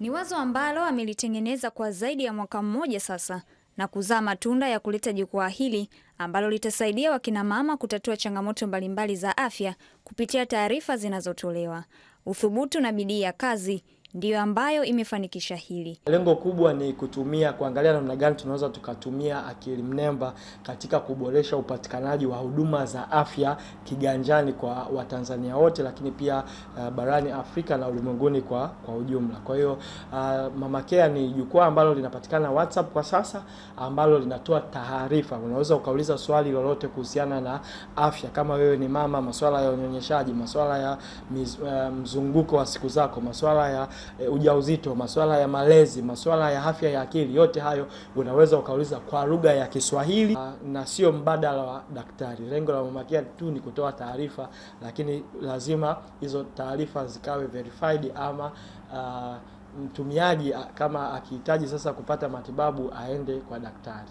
Ni wazo ambalo amelitengeneza kwa zaidi ya mwaka mmoja sasa na kuzaa matunda ya kuleta jukwaa hili ambalo litasaidia wakinamama kutatua changamoto mbalimbali za afya kupitia taarifa zinazotolewa, uthubutu na bidii ya kazi ndiyo ambayo imefanikisha hili. Lengo kubwa ni kutumia kuangalia namna gani tunaweza tukatumia akili mnemba katika kuboresha upatikanaji wa huduma za afya kiganjani kwa Watanzania wote, lakini pia uh, barani Afrika na ulimwenguni kwa, kwa ujumla. Kwa hiyo uh, Mama Care ni jukwaa ambalo linapatikana WhatsApp kwa sasa ambalo linatoa taarifa. Unaweza ukauliza swali lolote kuhusiana na afya, kama wewe ni mama, masuala ya unyonyeshaji, masuala ya miz, uh, mzunguko wa siku zako, masuala ya e, ujauzito, masuala ya malezi, masuala ya afya ya akili, yote hayo unaweza ukauliza kwa lugha ya Kiswahili ah, na sio mbadala wa daktari. Lengo la mamakia tu ni kutoa taarifa, lakini lazima hizo taarifa zikawe verified ama uh, mtumiaji ah, kama akihitaji sasa kupata matibabu aende kwa daktari.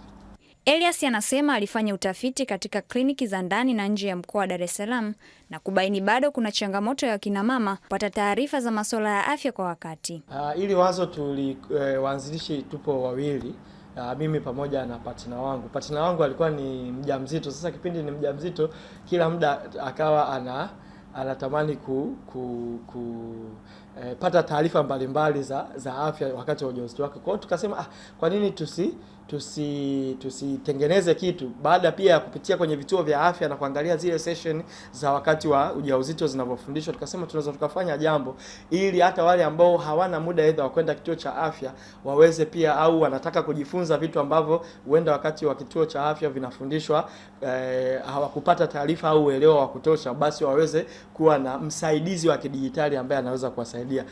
Elias anasema alifanya utafiti katika kliniki za ndani na nje ya mkoa wa Dar es Salaam na kubaini bado kuna changamoto ya wakinamama kupata taarifa za masuala ya afya kwa wakati. Uh, ili wazo tuliwaanzilishi eh, tupo wawili Uh, mimi pamoja na patina wangu. Patina wangu alikuwa ni mjamzito. Sasa kipindi ni mjamzito, kila muda akawa ana anatamani ku, ku, ku eh, pata taarifa mbalimbali za, za afya wakati wa ujauzito wake. Kwa hiyo tukasema ah, kwa nini tusi tusi tusitengeneze kitu baada pia ya kupitia kwenye vituo vya afya na kuangalia zile session za wakati wa ujauzito zinavyofundishwa, tukasema tunaweza tukafanya jambo ili hata wale ambao hawana muda aidha wa kwenda kituo cha afya waweze pia, au wanataka kujifunza vitu ambavyo huenda wakati wa kituo cha afya vinafundishwa eh, hawakupata taarifa au uelewa wa kutosha, basi waweze kuwa na msaidizi wa kidijitali ambaye anaweza kuwasaidia.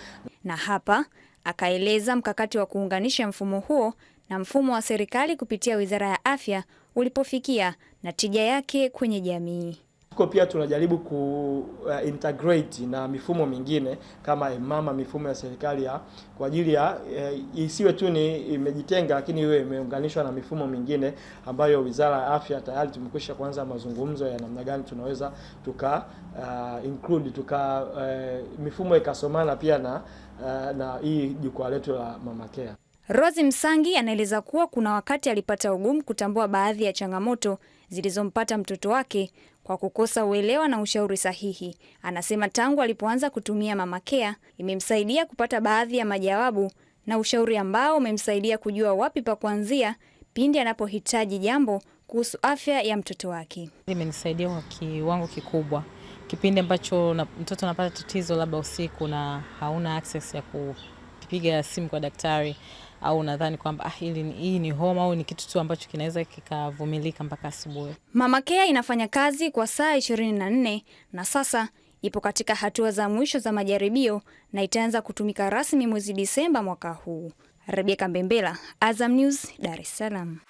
Na hapa akaeleza mkakati wa kuunganisha mfumo huo na mfumo wa serikali kupitia Wizara ya Afya ulipofikia na tija yake kwenye jamii. Tuko pia tunajaribu ku uh, integrate na mifumo mingine kama mama, mifumo ya serikali ya kwa ajili ya uh, isiwe tu ni imejitenga, lakini iwe imeunganishwa na mifumo mingine ambayo Wizara ya Afya tayari tumekwisha kuanza mazungumzo ya namna gani tunaweza tuka uh, include tuka uh, mifumo ikasomana pia na uh, na hii jukwaa letu la Mama Care rosi Msangi anaeleza kuwa kuna wakati alipata ugumu kutambua baadhi ya changamoto zilizompata mtoto wake kwa kukosa uelewa na ushauri sahihi. Anasema tangu alipoanza kutumia Mama Care imemsaidia kupata baadhi ya majawabu na ushauri ambao umemsaidia kujua wapi pa kuanzia pindi anapohitaji jambo kuhusu afya ya mtoto wake. Imenisaidia kwa kiwango kikubwa kipindi ambacho na, mtoto anapata tatizo labda usiku na hauna access ya ku ukipiga simu kwa daktari au unadhani kwamba ah, hii ni homa au ni kitu tu ambacho kinaweza kikavumilika mpaka asubuhi. Mama Kea inafanya kazi kwa saa ishirini na nne na sasa ipo katika hatua za mwisho za majaribio na itaanza kutumika rasmi mwezi Disemba mwaka huu. Rebeka Mbembela, Azam News, Dar es Salaam.